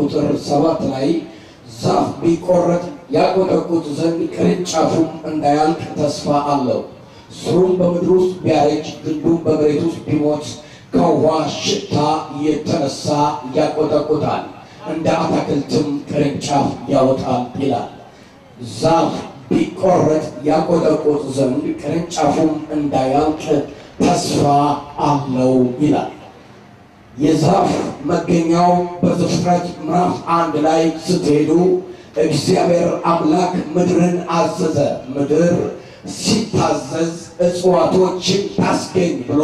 ቁጥር ሰባት ላይ ዛፍ ቢቆረጥ ያቆጠቁት ዘንድ ቅርንጫፉም እንዳያልቅ ተስፋ አለው፣ ስሩም በምድር ውስጥ ቢያረጅ፣ ግንዱም በመሬት ውስጥ ቢሞት ከውሃ ሽታ የተነሳ ያቆጠቁታል፣ እንደ አታክልትም ቅርንጫፍ ያወጣል ይላል። ዛፍ ቢቆረጥ ያቆጠቁት ዘንድ ቅርንጫፉም እንዳያልቅ ተስፋ አለው ይላል። የዛፍ መገኛው በዘፍጥረት ምዕራፍ አንድ ላይ ስትሄዱ እግዚአብሔር አምላክ ምድርን አዘዘ። ምድር ሲታዘዝ እጽዋቶችን ታስገኝ ብሎ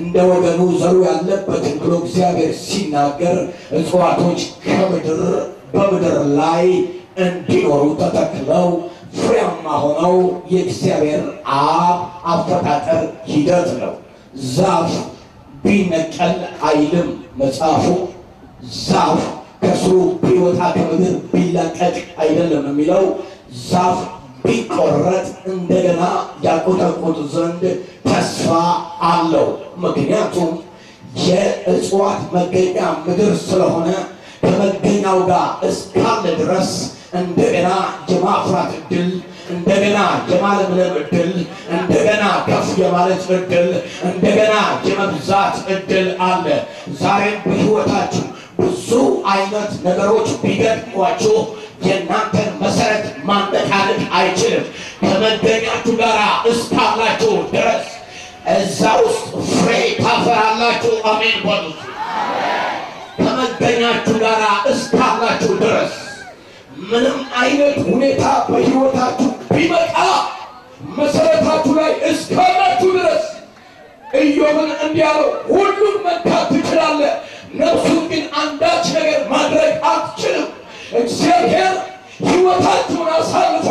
እንደ ወገኑ ዘሩ ያለበትን ብሎ እግዚአብሔር ሲናገር እጽዋቶች ከምድር በምድር ላይ እንዲኖሩ ተተክለው ፍሬያማ ሆነው የእግዚአብሔር አብ አፈጣጠር ሂደት ነው። ዛፍ ቢነቀል አይልም መጽሐፉ። ዛፍ ከስሩ ቢወጣ ከምድር ቢላቀቅ አይደለም የሚለው ዛፍ ቢቆረጥ እንደገና ያቆጠቁጥ ዘንድ ተስፋ አለው። ምክንያቱም የእጽዋት መገኛ ምድር ስለሆነ ከመገኛው ጋር እስካለ ድረስ እንደገና የማፍራት እድል እንደገና የማለም እድል እንደገና ከፍ የማለት እድል እንደገና የመብዛት እድል አለ። ዛሬም በህይወታችሁ ብዙ አይነት ነገሮች ቢገጥሟችሁ የእናንተን መሰረት ማነቃነቅ አይችልም። ከመገኛችሁ ጋር እስካላችሁ ድረስ እዛ ውስጥ ፍሬ ታፈራላችሁ። አሜን በሉት። ከመገኛችሁ ጋር እስካላችሁ ድረስ ምንም አይነት ሁኔታ በህይወታችሁ ቢመጣ መሰረታቱ ላይ እስካላችሁ ድረስ ኢዮብን እንዲያለው ሁሉም መንካት ትችላለ፣ ነፍሱን ግን አንዳች ነገር ማድረግ አትችልም። እግዚአብሔር ህይወታችሁን አሳልፎ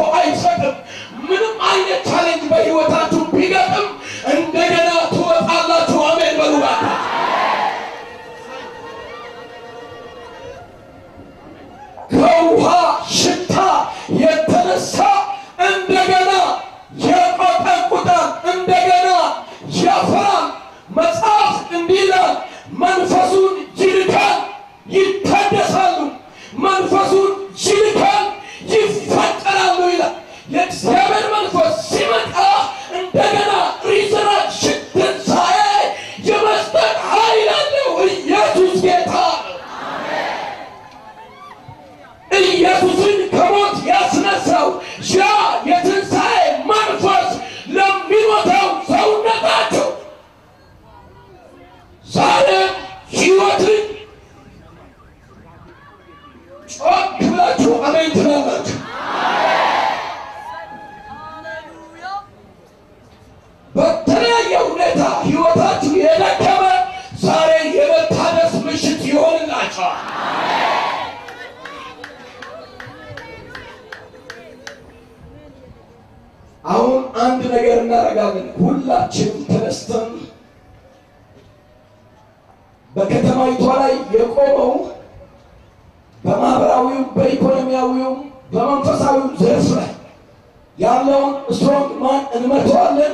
አንድ ነገር እናደርጋለን። ሁላችንም ተነስተን በከተማይቷ ላይ የቆመው በማህበራዊው፣ በኢኮኖሚያዊውም በመንፈሳዊው ዘርፍ ላይ ያለውን ስትሮንግ ማን እንመተዋለን።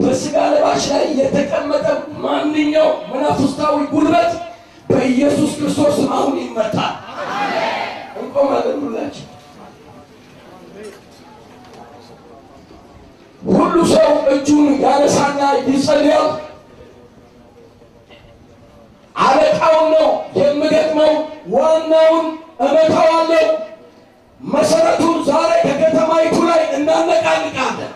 በስጋ ለባሽ ላይ የተቀመጠ ማንኛው መናፍስታዊ ጉልበት በኢየሱስ ክርስቶስ አሁን ይመታል። እንቆማለን ሁላችን። አንዱ ሰው እጁን ያነሳና ይጸልያል። አለቃውን ነው የምገጥመው፣ ዋናውን እመታዋለሁ፣ መሰረቱን ዛሬ ከከተማይቱ ላይ እናነቃንቃለን።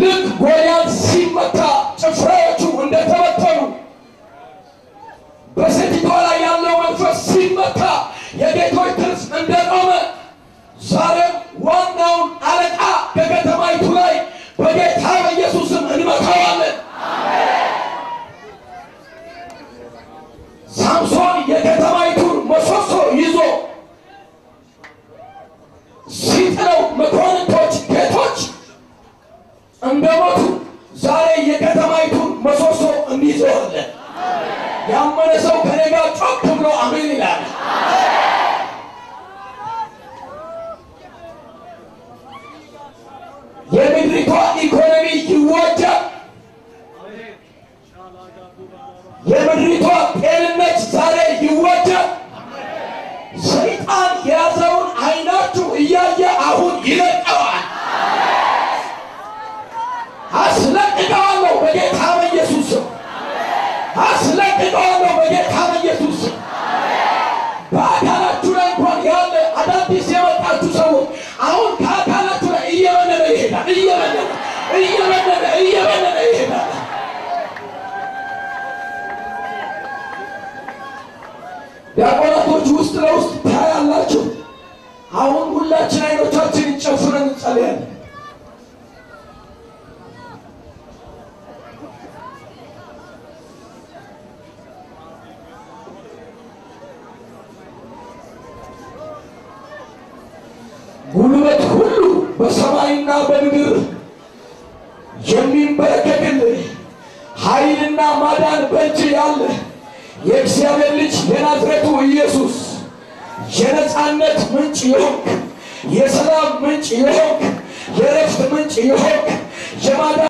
ልክ ጎልያድ ሲመታ ጭፍራዎቹ እንደተመ የምድሪቷ ጤንነት ዛሬ ይወጃል። ሰይጣን የያዘውን አይናችሁ እያየ አሁን ይለቀዋል፣ አስለቅቀዋለሁ በጌታ በኢየሱስ አስለቅቀዋለሁ በጌታ በኢየሱስ በአካላችሁ ላይ እንኳን ያለ አዳዲስ የመጣችሁ ሰዎች አሁን ከአካላችሁ ላይ እየበለለ ይሄዳል፣ እየበለለ እየበለለ እየበለለ ይሄዳል። ዲያቆናቶች ውስጥ ለውስጥ ታያላችሁ። አሁን ሁላችን አይኖቻችን ጨፍነን እንጸልያለን። ጉልበት ሁሉ በሰማይና በምድር የሚንበረከክልህ ኃይልና ማዳን በእጅ ያለህ የእግዚአብሔር ልጅ የናዝሬቱ ኢየሱስ የነፃነት ምንጭ የሆንክ የሰላም ምንጭ የሆንክ የረፍት ምንጭ የሆንክ የማዳ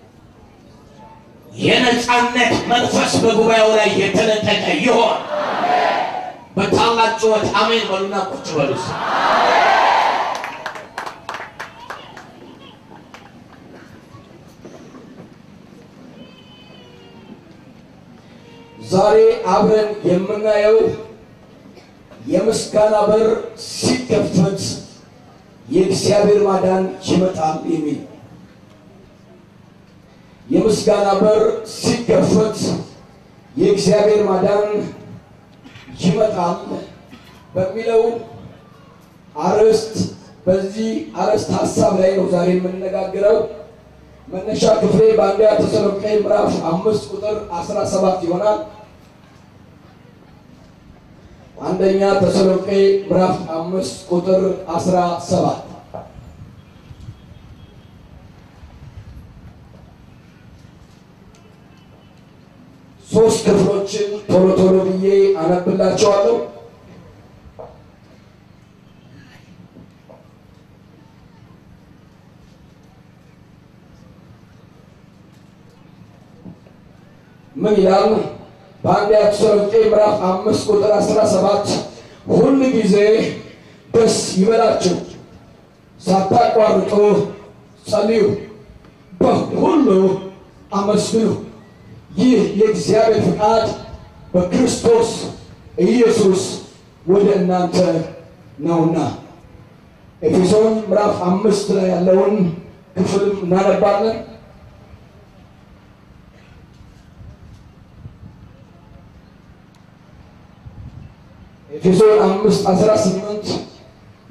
የነፃነት መንፈስ በጉባኤው ላይ የተነጠቀ ይሆን። በታላቅ ጩኸት አሜን በሉና ቁጭ በሉ። ዛሬ አብረን የምናየው የምስጋና በር ሲከፈት የእግዚአብሔር ማዳን ይመጣል የሚል የምስጋና በር ሲከፈት የእግዚአብሔር ማዳን ይመጣል በሚለው አርዕስት በዚህ አርዕስት ሀሳብ ላይ ነው ዛሬ የምንነጋገረው። መነሻ ክፍሌ በአንደኛ ተሰሎንቄ ምዕራፍ አምስት ቁጥር አስራ ሰባት ይሆናል። አንደኛ ተሰሎቄ ምዕራፍ አምስት ቁጥር አስራ ሰባት ሶስት ክፍሎችን ቶሎ ቶሎ ብዬ አነብላቸዋለሁ። ምን ይላል? በአንደኛ ተሰሎንቄ ምዕራፍ አምስት ቁጥር አስራ ሰባት ሁል ጊዜ ደስ ይበላችሁ፣ ሳታቋርጡ ጸልዩ፣ በሁሉ አመስግኑ፣ ይህ የእግዚአብሔር ፍቃድ በክርስቶስ ኢየሱስ ወደ እናንተ ነውና። ኤፌሶን ምዕራፍ አምስት ላይ ያለውን ክፍል እናነባለን። ጌታዬ አምስት አስራ ስምንት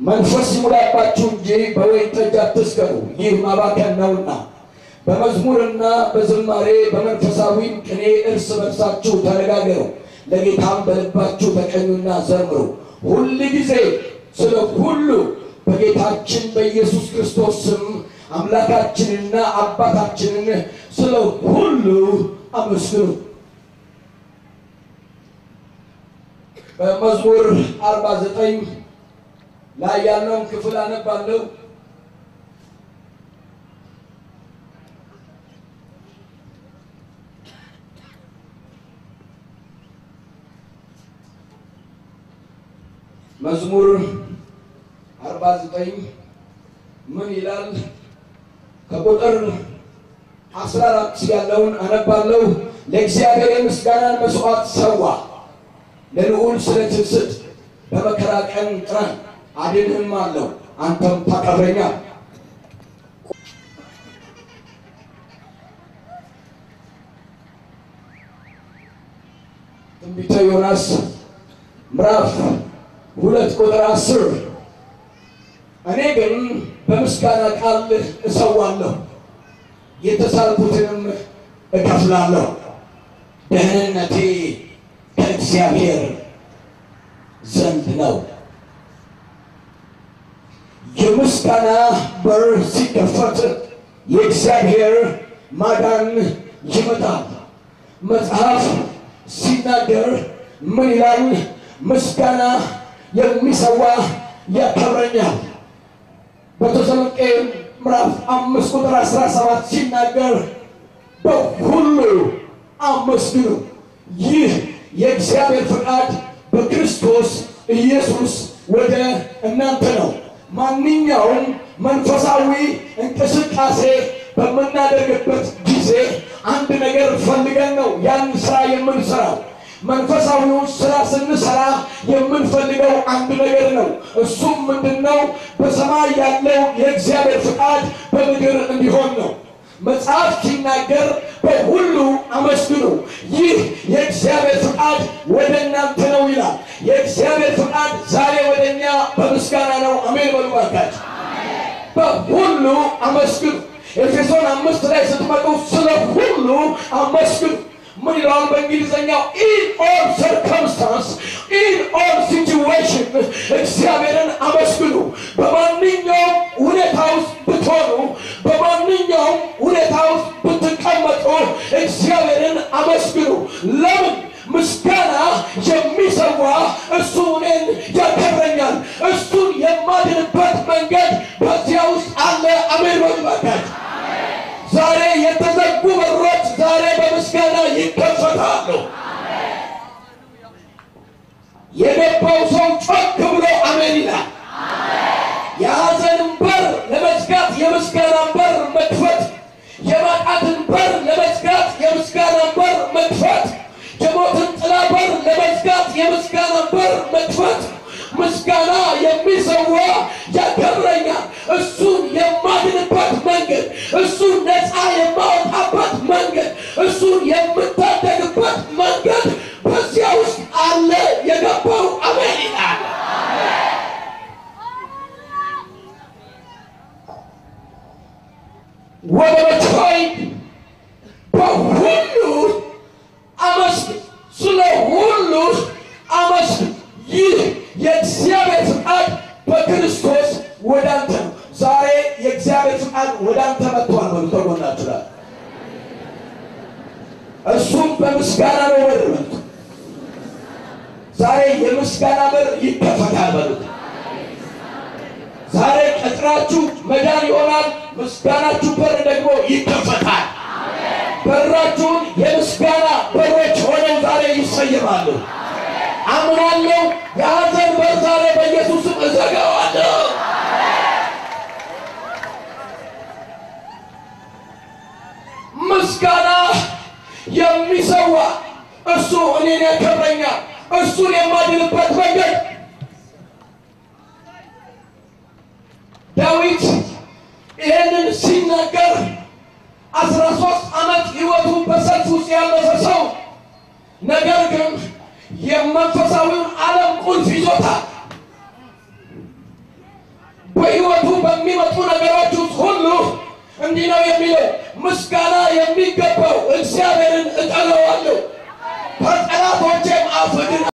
መንፈስ ይሙላባችሁ እንጂ በወይን ጠጅ አትስከሩ፣ ይህ ማባከን ነውና። በመዝሙርና በዝማሬ በመንፈሳዊም ቅኔ እርስ በርሳችሁ ተነጋገሩ፣ ለጌታም በልባችሁ ተቀኙና ዘምሩ። ሁል ጊዜ ስለ ሁሉ በጌታችን በኢየሱስ ክርስቶስ ስም አምላካችንና አባታችንን ስለ ሁሉ አመስግኑ። በመዝሙር 49 ላይ ያለውን ክፍል አነባለሁ። መዝሙር 49 ምን ይላል? ከቁጥር 14 ያለውን አነባለሁ። ለእግዚአብሔር የምስጋናን መስዋዕት ሰዋ ለልዑል ስለ ትብስጥ በመከራ ቀን ጥረህ አድንህም አለው፣ አንተም ታቀብረኛል። ትንቢተ ዮናስ ምዕራፍ ሁለት ቁጥር አስር እኔ ግን በምስጋና ቃልህ እሰዋለሁ የተሳልኩትንም እከፍላለሁ ደህንነቴ ከእግዚአብሔር ዘንድ ነው። የምስጋና በር ሲከፈት የእግዚአብሔር ማዳን ይመጣል። መጽሐፍ ሲናገር ምን ይላል? ምስጋና የሚሰዋ ያከብረኛል። በተሰሎንቄ ምዕራፍ አምስት ቁጥር አስራ ሰባት ሲናገር በሁሉ አመስግኑ ይህ የእግዚአብሔር ፍቃድ በክርስቶስ ኢየሱስ ወደ እናንተ ነው። ማንኛውም መንፈሳዊ እንቅስቃሴ በምናደርግበት ጊዜ አንድ ነገር ፈልገን ነው ያን ስራ የምንሰራው። መንፈሳዊውን ስራ ስንሰራ የምንፈልገው አንድ ነገር ነው። እሱም ምንድን ነው? በሰማይ ያለው የእግዚአብሔር ፍቃድ በምድር እንዲሆን ነው። መጽሐፍ ሲናገር በሁሉ አመስግኑ፣ ይህ የእግዚአብሔር ፍቃድ ወደ እናንተ ነው ይላል። የእግዚአብሔር ፍቃድ ዛሬ ወደ እኛ በምስጋና ነው። አሜን በሉ ባካችሁ። በሁሉ አመስግኑ። ኤፌሶን አምስት ላይ ስትመጡ ስለ ሁሉ አመስግኑ ምን ይለዋል? በእንግሊዝኛው ኢን ኦል ሰርከምስታንስ ኢን ኦል አይችም። እግዚአብሔርን አመስግኑ። በማንኛውም ሁኔታ ውስጥ ብትሆኑ፣ በማንኛውም ሁኔታ ውስጥ ብትቀመጡ እግዚአብሔርን አመስግኑ። ለምን? ምስጋና የሚሰዋ እሱ እኔን ያከብረኛል። እሱን የማድንበት መንገድ በዚያ ውስጥ አለ። አሜን በሉበት። ዛሬ የተዘጉ በሮች ዛሬ በምስጋና ይከፈታሉ። የገባው ሰው ጮክ ብሎ አሜን ይላል። የሐዘንን በር ለመዝጋት የምስጋና በር መክፈት፣ የማጣትን በር ለመዝጋት የምስጋና በር መክፈት፣ የሞትን ጥላ በር ለመዝጋት የምስጋና በር መክፈት። ምስጋና የሚሰዋ ያከብረኛል እሱ ምስጋና ነው በር ዛሬ የምስጋና በር ይከፈታል በሉት። ዛሬ ቀጥራችሁ መዳን ይሆናል። ምስጋናችሁ በር ደግሞ ይከፈታል። በራችሁን የምስጋና በሮች ሆነው ዛሬ ይሰይማሉ። አምናለሁ። የሀዘን በር ዛሬ በኢየሱስም እዘጋዋለሁ። ምስጋና የሚሰዋ እሱ እኔን ያከብረኛል። እሱን የማድንበት መንገድ ዳዊት ይህንን ሲናገር አስራ ሶስት ዓመት ህይወቱ በሰልፍ ውስጥ ያለፈ ሰው ነገር ግን የመንፈሳዊውን ዓለም ቁልፍ ይዞታል። በህይወቱ በሚመጡ ነገሮች ሁሉ እንዲህ ነው የሚለው ምስጋና የሚገባው እግዚአብሔርን እጠለዋለሁ ከጠላቶቼም አፍድን